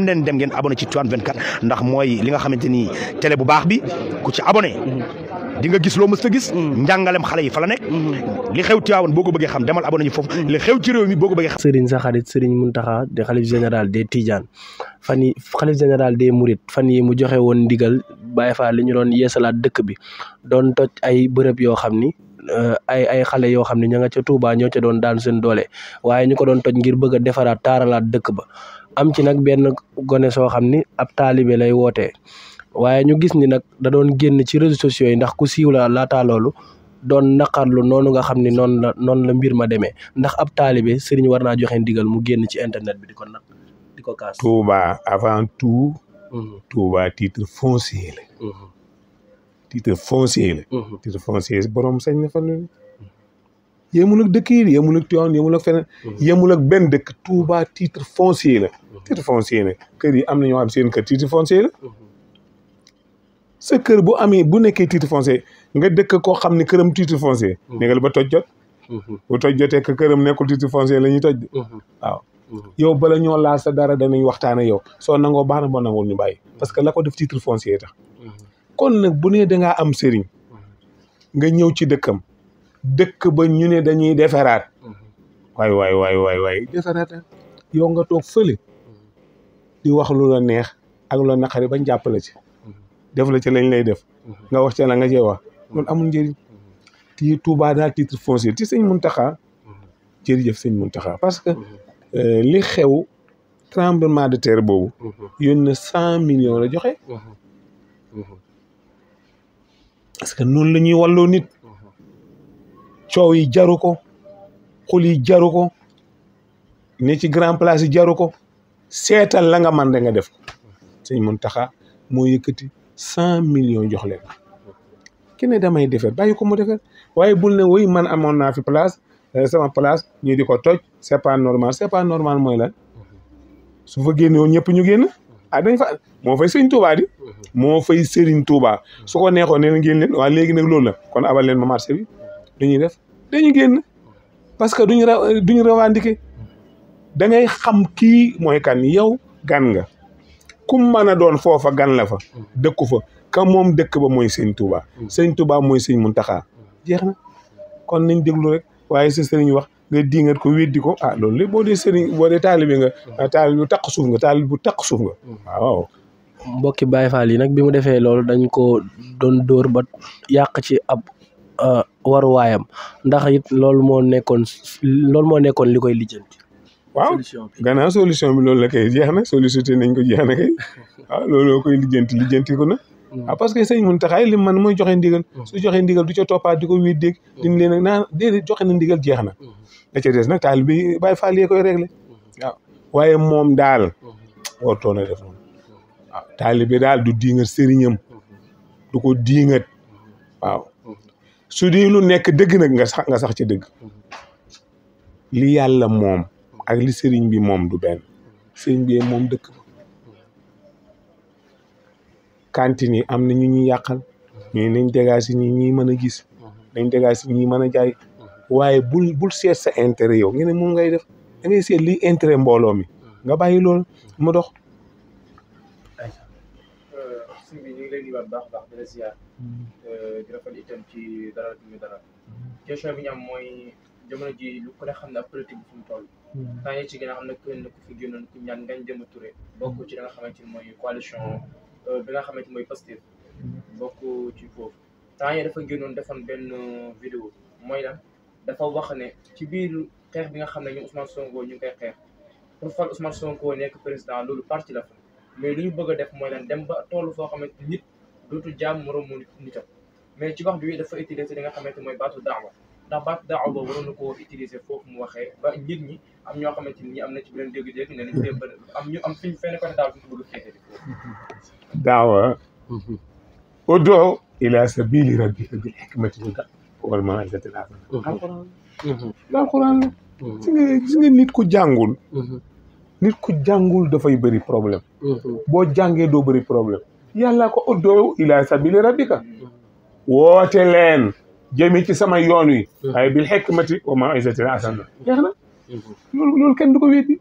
mu leen dem ngeen abonné ci Tivaouane ndax mooy li nga xamante ni télé bu baax bi ku ci abonné di nga gis loo ma sa gis njàngalem xale yi fa la nekk li xew Tivaouane boo ko bëggee xam demal abonné ñu foofu li xew ci réew mi boo ko bëggee xam Serigne sa xarit Serigne Mountakha di xalif général des Tidiane fan yi xalif général des Mourides fan yi mu joxe woon ndigal baay fa li ñu doon yeesalaat dëkk bi doon toj ay bërëb yoo xam ni euh, ay ay xale yoo xam ne ña nga ca Touba ñoo ca doon daan seen doole waaye ñu ba am ci nag benn gone soo xam ni ab taalibe lay woote waaye ñu gis ni nag da doon génn ci réseaux sociaux yi ndax ku siiw la laataa loolu doon naqarlu noonu nga xam ni noon la noonu la mbir ma demee ndax ab taalibe sëriñ war naa joxe ndigal mu génn ci internet bi di ko nag di ko kaas. Touba avant tout. Mhm. Touba titre foncier mhm. titre foncier mhm. titre foncier borom sañ na fa mu ak dëkk yi yemul ak Tivaouane yemul ak feneen. Mhm. yemul ak benn dëkk Touba titre foncier la. Mhm. titre foncier kër yi am na ñoo am seen kër titre foncier mhm. sa kër bu amee bu nekkee titre foncier nga dëkk koo xam ne këram titre foncier. négal ba toj jot. bu jotee que këram nekkul titre foncier la ñuy toj. waaw yow bala ñoo laal sa dara danañ waxtaan yow soo nangoo baax boo nangul ñu bàyyi. parce que la ko def titre foncier tax. kon nag bu nee da am sëriñ. nga ñëw ci dëkkam. dëkk ba ñu ne dañuy defaraat mm-hmm. waay waay waay waay waay defaraat yow nga toog fële mm-hmm. di wax lu la neex ak lu la naqari bañ jàppale ci mm-hmm. def la ci lañ lay def nga wax ci la nga cee wax loolu amul njëriñ ti Touba da titre foncier ci sëñ Mountakha jërëjëf sëñ Mountakha parce que euh, li xew tremblement de terre boobu na cent millions la joxe parce que noonu la ñuy walloo nit coow yi jaru ko xul yi jaru ko ni ci grand place yi jaru ko seetal la nga man da def ko sëñ taxa moo yëkkati cent million jox leen ki ne damay defar bàyyi ko mu defar waaye bul ne woy man amoon naa fi place eh, sama place ñu di ko toj c'est pas normal c'est pas normal mooy lan su fa génne woon ñëpp ñu génn ah dañ fa moo fay sëñ Touba di moo fay Serigne Touba su ko neexoon nee na ngeen leen waa léegi nag loolu la kon abal leen ma marché bi lu def dañu génn parce que duñu duñu revendiquer da xam kii mooy kan yow gan nga kum mën a doon foofa gan la fa dëkku fa ka moom dëkk ba mooy sëñ Touba sëñ Touba mooy sëñ Muntaxa jeex na kon nañ déglu rek waaye sa sëriñ wax nga diingat ko weddi ko ah loolu lépp boo dee sëriñ boo nga ah, taalibe bu taq suuf nga taalibe bu taq suuf nga mbokki Baye Fall yi nag bi mu defee loolu dañ ko doon dóor ba yàq ci ab Euh, waruwaayam ndax it loolu moo nekkoon loolu moo nekkoon li koy lijjanti. waaw gannaaw solution bi loolu la kay jeex na sollicité nañ ko jeex na kay waaw ah, looloo koy lijjanti lijjanti ko na. Mm. ah parce que sëñ Mountakha li man mooy joxe ndigal. Mm. su joxe ndigal du ca toppaat di mm. leen naan déedéet joxe na ndigal jeex na. da ca des bi bàyyi faal yee koy réglé. waaw moom daal. wartoon a def noonu. waaw ah, taalibe daal du diingat sëriñam. du ko diingat. waaw su dee lu nek deug ngasak nga sax nga sax ci deug li yalla mom ak li serigne bi mom du ben serigne bi mom deuk ba cantine am na ñu ñu dégage dégaa si ñi mëna gis dañ dégage si ñii jaay waye bul bul sét sa intérêt yow nga ne ngay def da ngay sét li intérêt mbolo mi nga bayyi lool mu dox kii bu baax baax di la euh, di rafetlu itam ci dara bi ñu dara. question bi ñu am mooy jamono ji lu ko ne xam ne ak politique bi fu mu toll. Hmm. temps yii ci gën a xam ne kenn ku fi génnoon ku ñaan ngañ jëm a ture. bokk ci li nga xamante ni mooy coalition euh, bi nga xamante ni mooy Pastef. bokk ci foofu temps yii dafa génnoon defoon benn vidéo mooy lan dafa wax ne ci biir xeex bi nga xam ne ñu Ousmane Sonko ñu ngi koy xeex pour fal Ousmane Sonko nekk président loolu parti la fa mais li ñu bëgg dutu jam morom mo nitam mais ci wax bi dafa utiliser li nga xamanteni moy batu da'wa ndax baatu daawa bo waroon ko utiliser fofu mu waxe ba nit ñi am ño xamanteni ñi am na ci beneen dégg-dégg ne nañ am ñu am fiñ fenn côté daal ci bëgg féetee da'wa odo ila sabili rabbi bil hikmati wal maw'izatil hasana mhm. alquran mhm. la qur'an la mhm. qur'an ci nga nit ku jangul nit ku da fay bari problème bo jangé do bari problème yàlla ko uddoo ila sabili rabbika woote leen jëmi ci sama yoon wi waaye bil hikmati wa maw'izatil hasana jeex na loolu loolu kenn du ko wéddi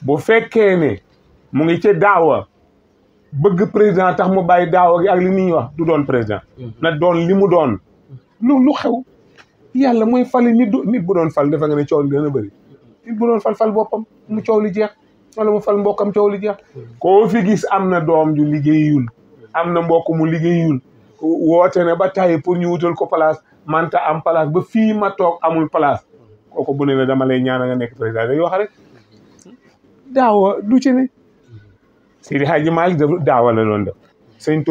bu fekkee ne mu ngi ci daawa bëgg président tax mu bàyyi daawa gi ak li nit ñi wax du doon président na doon li mu doon lu lu xew yàlla mooy fali nit nit bu doon fal dafa nga ne coow li dana bari nit bu doon fal fal boppam mu coow li jeex wala mu fal mbokkam coow li jeex koo fi gis am na doom ju liggéeyul am na mbokk mu liggéeyul woo ne ba tey pour ñu wutal ko place manta am place ba fii ma toog amul place kooku bu ne la dama lay ñaan nga nekk président day wax rek daawa du ci ne Seydi Hadji Malick daf daawa la doon def Sëñ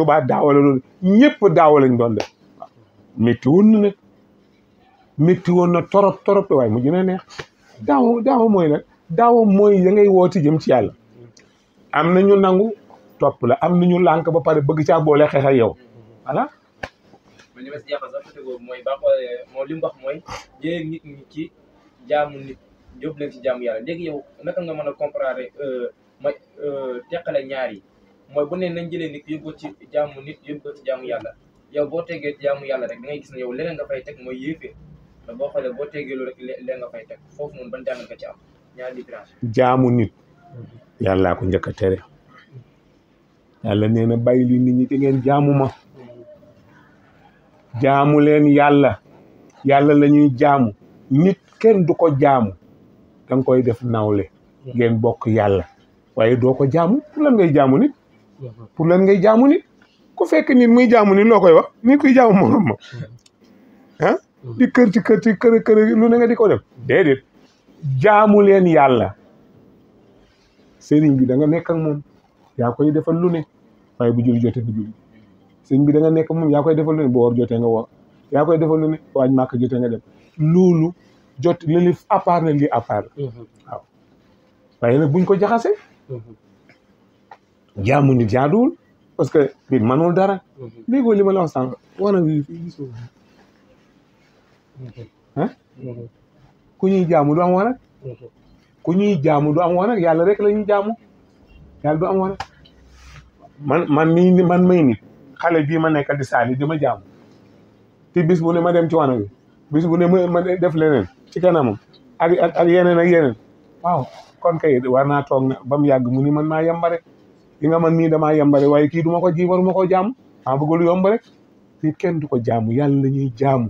Tuubaa torop torop waaye mujj na neex daawa mooy nag daaw mooy da ngay woote jëm ci yàlla am na ñu nangu topp la am na ñu lànk ba pare bëgg caa boole xeex ak yow voilà. li ma si jaaxal mooy ba moom li mu wax mooy jëlee nit ñi ci jaamu nit yóbbu leen ci jaamu yàlla léegi yow naka nga mën a comprendre euh, ma euh, teqale ñaar yi mooy bu ne nañ jëlee nit yóbbu ci jaamu nit yóbbu ci jaamu yàlla yow boo tegee jaamu yàlla rek da ngay gis ne yow leneen nga fay teg mooy yéefee boo xoolee boo tegee loolu rek leneen nga fay teg foofu moom ban jàng nga ci jaamu nit yàllaa ko njëkk a tere yàlla nee na bàyyi nit ñi da ngeen jaamu ma jaamu leen yàlla yàlla la ñuy jaamu nit kenn du ko jaamu da koy def nawle ngeen bokk yàlla waaye doo ko jaamu pour lan ngay jaamu nit pour lan ngay jaamu nit ku fekk nit muy jaamu nit loo koy wax nit kuy jaamu morom ma ah di kër ci kër ci kër kër lu ne nga di ko def déedéet jaamu leen yàlla sëriñ bi da nga nekk ak moom yaa koy defal lu ne waaye bu julli jotee bu julli sëriñ bi da nga nekk moom yaa koy defal lu ne bu woor jotee nga woor yaa koy defal lu ne waañ màkk jotee nga dem loolu jot li li à part li à mhm. waaye nag buñ ko jaxase mhm. jaamu nit jaaduwul parce que nit mënul dara léegoo mhm. li ma la wax sànq war na ku ñuy jaamu du am wanag mhm. ku ñuy jaamu du am yàlla rek la ñuy jaamu yàlla du am wanag man man nii man may nit xale bii ma nekkal di saani di ma jaamu te bis bu ne ma dem ci wanag bis bu ne ma def leneen ci kanamam ak ak ak yeneen ak yeneen waaw kon kay war naa toog na ba mu yàgg mu ni man maa yambare li nga man nii damaa yambare waaye kii du ma ko ji waruma koo jaamu maa bëgg lu yomb rek nit kenn du ko jaamu yàlla lañuy ñuy jaamu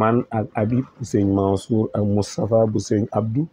man ak Habib bu sëñ Mansour ak Moustapha bu sëñ Abdou